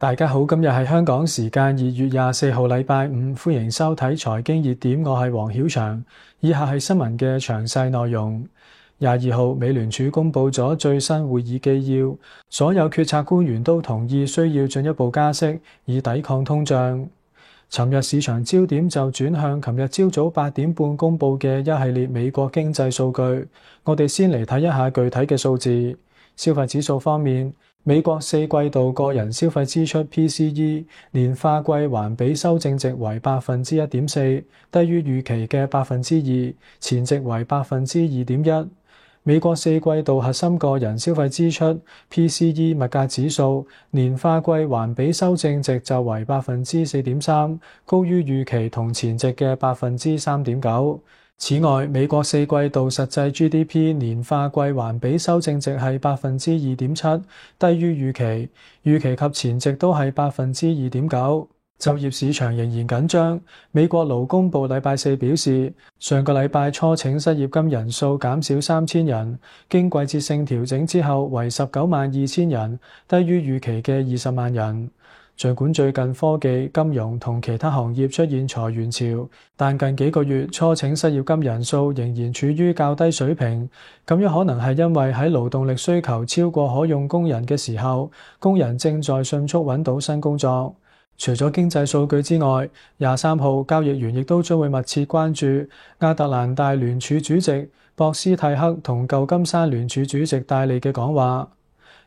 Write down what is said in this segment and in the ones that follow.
大家好，今日係香港時間二月廿四號禮拜五，歡迎收睇財經熱點，我係黃曉翔，以下係新聞嘅詳細內容。廿二號，美聯儲公布咗最新會議紀要，所有決策官員都同意需要進一步加息以抵抗通脹。尋日市場焦點就轉向琴日朝早八點半公布嘅一系列美國經濟數據。我哋先嚟睇一下具體嘅數字。消費指數方面。美國四季度個人消費支出 （PCE） 年化季環比修正值為百分之一點四，低於預期嘅百分之二，前值為百分之二點一。美國四季度核心個人消費支出 （PCE） 物價指數年化季環比修正值就為百分之四點三，高於預期同前值嘅百分之三點九。此外，美國四季度實際 GDP 年化季環比修正值係百分之二點七，低於預期，預期及前值都係百分之二點九。就業市場仍然緊張。美國勞工部禮拜四表示，上個禮拜初請失業金人數減少三千人，經季節性調整之後為十九萬二千人，低於預期嘅二十萬人。儘管最近科技、金融同其他行業出現裁員潮，但近幾個月初請失業金人數仍然處於較低水平。咁樣可能係因為喺勞動力需求超過可用工人嘅時候，工人正在迅速揾到新工作。除咗經濟數據之外，廿三號交易員亦都將會密切關注亞特蘭大聯儲主席博斯泰克同舊金山聯儲主席戴利嘅講話。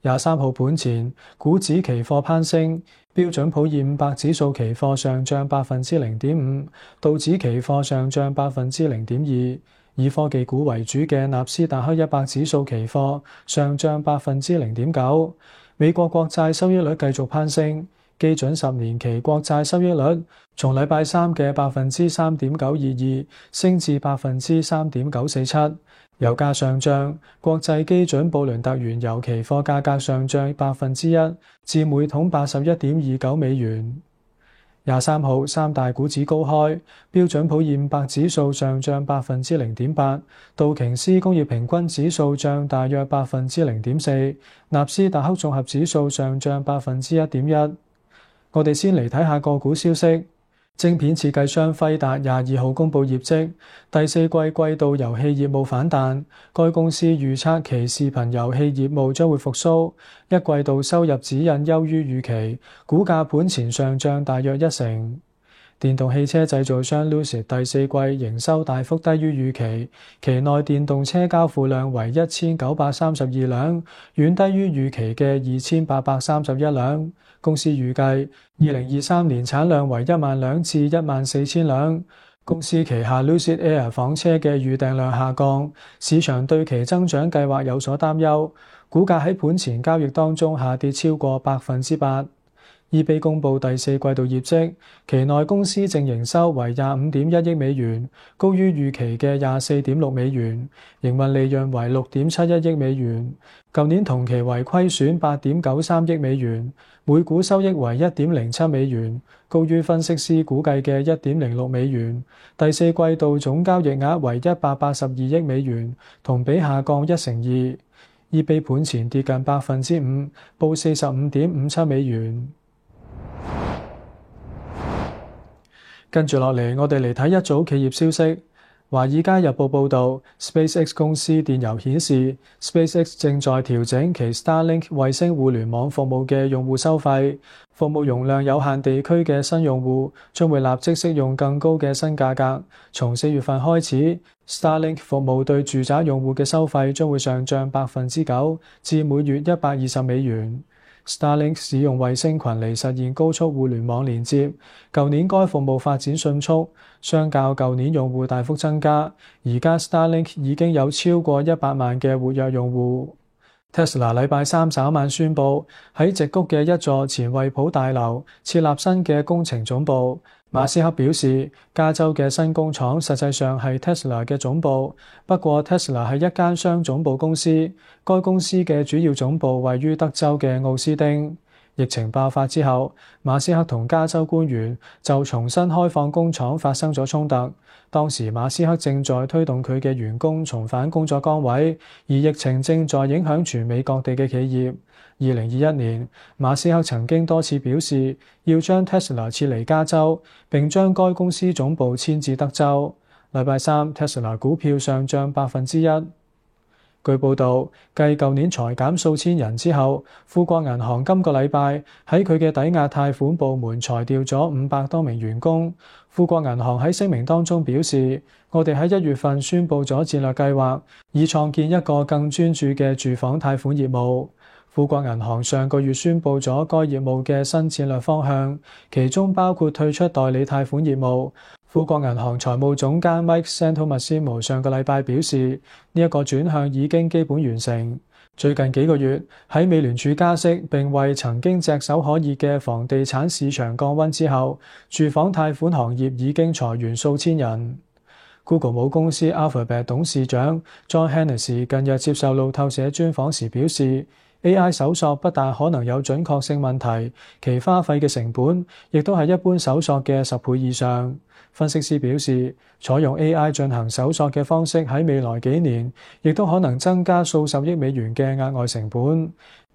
廿三號盤前，股指期貨攀升。標準普爾五百指數期貨上漲百分之零點五，道指期貨上漲百分之零點二，以科技股為主嘅納斯達克一百指數期貨上漲百分之零點九，美國國債收益率繼續攀升。基準十年期國債收益率從禮拜三嘅百分之三點九二二升至百分之三點九四七。油價上漲，國際基準布倫特原油期貨價格上漲百分之一，至每桶八十一點二九美元。廿三號三大股指高開，標準普爾五百指數上漲百分之零點八，道瓊斯工業平均指數漲大約百分之零點四，納斯達克綜合指數上漲百分之一點一。我哋先嚟睇下個股消息，晶片設計商輝達廿二號公佈業績，第四季季度遊戲業務反彈，該公司預測其視頻遊戲業務將會復甦，一季度收入指引優於預期，股價盤前上漲大約一成。電動汽車製造商 Lucid 第四季營收大幅低於預期，期內電動車交付量為一千九百三十二輛，遠低於預期嘅二千八百三十一輛。公司預計二零二三年產量為一萬輛至一萬四千輛。公司旗下 Lucid Air 房車嘅預訂量下降，市場對其增長計劃有所擔憂。股價喺盤前交易當中下跌超過百分之八。已被公布第四季度業績，期內公司淨營收為廿五點一億美元，高於預期嘅廿四點六美元，營運利潤為六點七一億美元，舊年同期為虧損八點九三億美元，每股收益為一點零七美元，高於分析師估計嘅一點零六美元。第四季度總交易額為一百八十二億美元，同比下降一成二，已被盤前跌近百分之五，報四十五點五七美元。跟住落嚟，我哋嚟睇一組企業消息。華爾街日報報道，SpaceX 公司電郵顯示，SpaceX 正在調整其 Starlink 衛星互聯網服務嘅用戶收費。服務容量有限地區嘅新用戶將會立即適用更高嘅新價格。從四月份開始，Starlink 服務對住宅用戶嘅收費將會上漲百分之九至每月一百二十美元。Starlink 使用衛星群嚟實現高速互聯網連接。舊年該服務發展迅速，相較舊年用戶大幅增加，而家 Starlink 已經有超過一百萬嘅活躍用戶。Tesla 禮拜三稍晚宣布喺矽谷嘅一座前惠普大樓設立新嘅工程總部。馬斯克表示，加州嘅新工廠實際上係 Tesla 嘅總部，不過 Tesla 係一間雙總部公司，該公司嘅主要總部位於德州嘅奧斯丁。疫情爆發之後，馬斯克同加州官員就重新開放工廠發生咗衝突。當時馬斯克正在推動佢嘅員工重返工作崗位，而疫情正在影響全美各地嘅企業。二零二一年，馬斯克曾經多次表示要將 Tesla 撤離加州，並將該公司總部遷至德州。禮拜三，Tesla 股票上漲百分之一。據報導，繼舊年裁減數千人之後，富國銀行今個禮拜喺佢嘅抵押貸款部門裁掉咗五百多名員工。富國銀行喺聲明當中表示，我哋喺一月份宣佈咗戰略計劃，以創建一個更專注嘅住房貸款業務。富國銀行上個月宣佈咗該業務嘅新戰略方向，其中包括退出代理貸款業務。富國銀行財務總監 Mike Santomassimo 上個禮拜表示，呢、這、一個轉向已經基本完成。最近幾個月喺美聯儲加息並為曾經炙手可熱嘅房地產市場降溫之後，住房貸款行業已經裁員數千人。Google 母公司 Alphabet 董事長 John Hennessy 近日接受路透社專訪時表示。AI 搜索不但可能有準確性問題，其花費嘅成本亦都係一般搜索嘅十倍以上。分析師表示，採用 AI 進行搜索嘅方式喺未來幾年，亦都可能增加數十億美元嘅額外成本。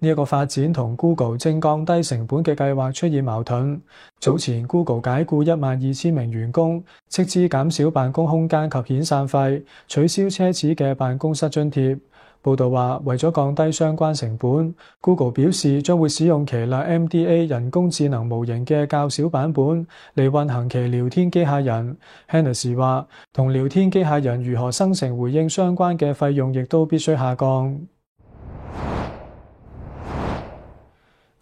呢一個發展同 Google 正降低成本嘅計劃出現矛盾。早前 Google 解雇一萬二千名員工，斥資減少辦公空間及遣散費，取消奢侈嘅辦公室津貼。報道話，為咗降低相關成本，Google 表示將會使用其 LaMDA 人工智能模型嘅較小版本嚟運行其聊天機械人。Hennessy 話，同聊天機械人如何生成回應相關嘅費用，亦都必須下降。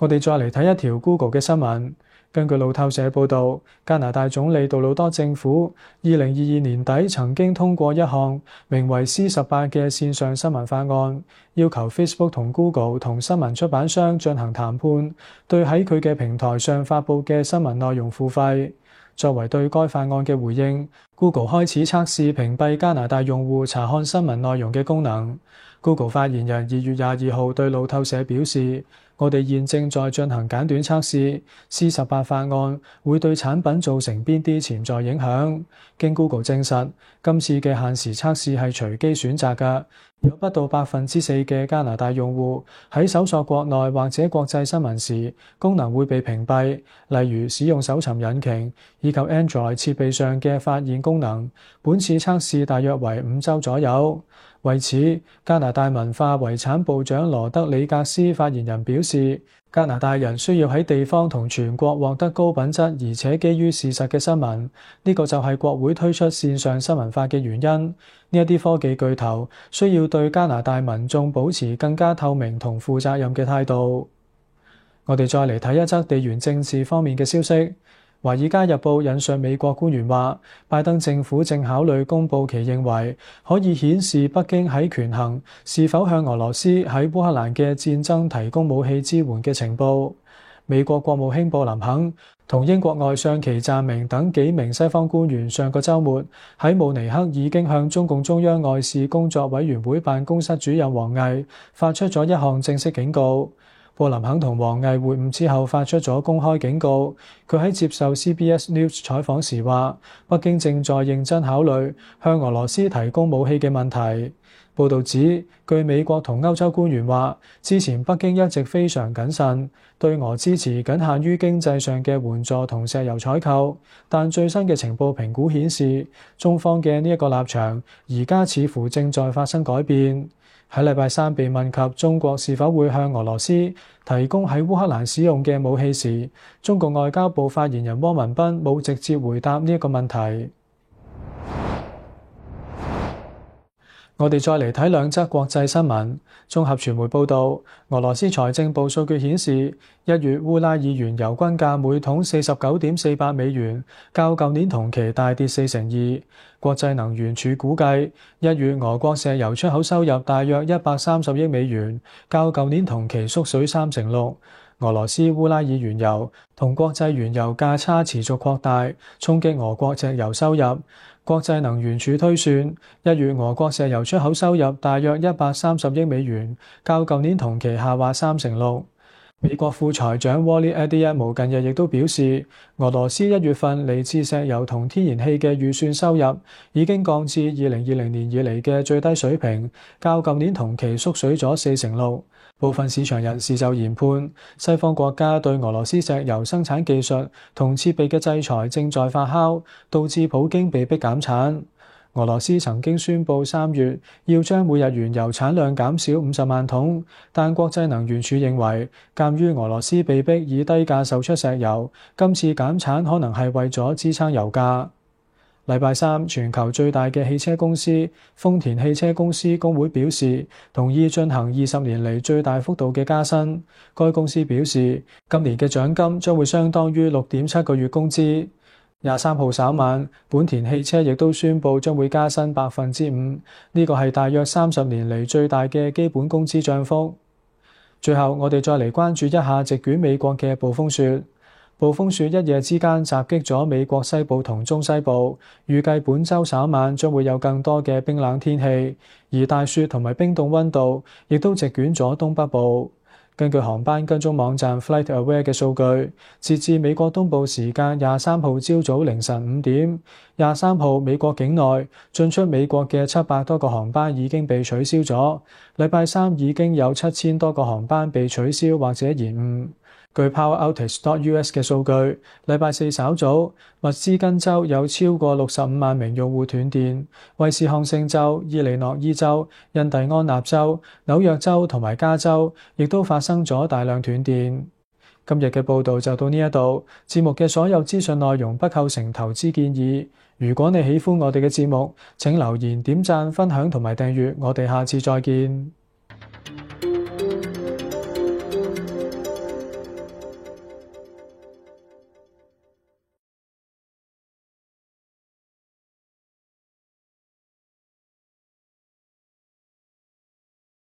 我哋再嚟睇一條 Google 嘅新聞。根據路透社報導，加拿大總理杜魯多政府二零二二年底曾經通過一項名為 C 十八嘅線上新聞法案，要求 Facebook 同 Google 同新聞出版商進行談判，對喺佢嘅平台上發布嘅新聞內容付費。作為對該法案嘅回應，Google 開始測試屏蔽加拿大用戶查看新聞內容嘅功能。Google 發言人二月廿二號對路透社表示：我哋現在正在進行簡短測試，C 十八法案會對產品造成邊啲潛在影響？經 Google 證實，今次嘅限時測試係隨機選擇嘅，有不到百分之四嘅加拿大用戶喺搜索國內或者國際新聞時，功能會被屏蔽，例如使用搜尋引擎，以及 Android 設備上嘅發現功能。本次測試大約為五週左右。為此，加拿大文化遺產部長羅德里格斯發言人表示：加拿大人需要喺地方同全國獲得高品質而且基於事實嘅新聞。呢、這個就係國會推出線上新聞法嘅原因。呢一啲科技巨頭需要對加拿大民眾保持更加透明同負責任嘅態度。我哋再嚟睇一則地緣政治方面嘅消息。《華爾街日報》引述美國官員話：拜登政府正考慮公布其認為可以顯示北京喺權衡是否向俄羅斯喺烏克蘭嘅戰爭提供武器支援嘅情報。美國國務卿布林肯同英國外相祁湛明等幾名西方官員上個週末喺慕尼黑已經向中共中央外事工作委員會辦公室主任王毅發出咗一項正式警告。布林肯同王毅會晤之後，發出咗公開警告。佢喺接受 CBS News 採訪時話：北京正在認真考慮向俄羅斯提供武器嘅問題。報導指，據美國同歐洲官員話，之前北京一直非常謹慎，對俄支持僅限於經濟上嘅援助同石油採購。但最新嘅情報評估顯示，中方嘅呢一個立場，而家似乎正在發生改變。喺禮拜三被問及中國是否會向俄羅斯提供喺烏克蘭使用嘅武器時，中國外交部發言人汪文斌冇直接回答呢一個問題。我哋再嚟睇兩則國際新聞。綜合傳媒報導，俄羅斯財政部數據顯示，一月烏拉爾原油均價每桶四十九點四八美元，較舊年同期大跌四成二。國際能源署估計，一月俄國石油出口收入大約一百三十億美元，較舊年同期縮水三成六。俄羅斯烏拉爾原油同國際原油價差持續擴大，衝擊俄國石油收入。國際能源署推算，一月俄國石油出口收入大約一百三十億美元，較舊年同期下滑三成六。美國副財長 Wally Adeyemo 近日亦都表示，俄羅斯一月份嚟自石油同天然氣嘅預算收入已經降至二零二零年以嚟嘅最低水平，較舊年同期縮水咗四成六。部分市場人士就研判，西方國家對俄羅斯石油生產技術同設備嘅制裁正在發酵，導致普京被迫減產。俄羅斯曾經宣布三月要將每日原油產量減少五十萬桶，但國際能源署認為，鑑於俄羅斯被逼以低價售出石油，今次減產可能係為咗支撐油價。禮拜三，全球最大嘅汽車公司豐田汽車公司工會表示，同意進行二十年嚟最大幅度嘅加薪。該公司表示，今年嘅獎金將會相當於六點七個月工資。廿三號稍晚，本田汽車亦都宣布將會加薪百分之五，呢個係大約三十年嚟最大嘅基本工資漲幅。最後，我哋再嚟關注一下席捲美國嘅暴風雪。暴風雪一夜之間襲擊咗美國西部同中西部，預計本週稍晚將會有更多嘅冰冷天氣，而大雪同埋冰凍溫度亦都席捲咗東北部。根據航班跟蹤網站 FlightAware 嘅數據，截至美國東部時間廿三號朝早凌晨五點，廿三號美國境內進出美國嘅七百多個航班已經被取消咗。禮拜三已經有七千多個航班被取消或者延誤。據 PowerOutage.US 嘅數據，禮拜四稍早，密西根州有超過六十五萬名用戶斷電；威斯康星州、伊利諾伊州、印第安納州、紐約州同埋加州，亦都發生咗大量斷電。今日嘅報道就到呢一度，節目嘅所有資訊內容不構成投資建議。如果你喜歡我哋嘅節目，請留言、點讚、分享同埋訂閱，我哋下次再見。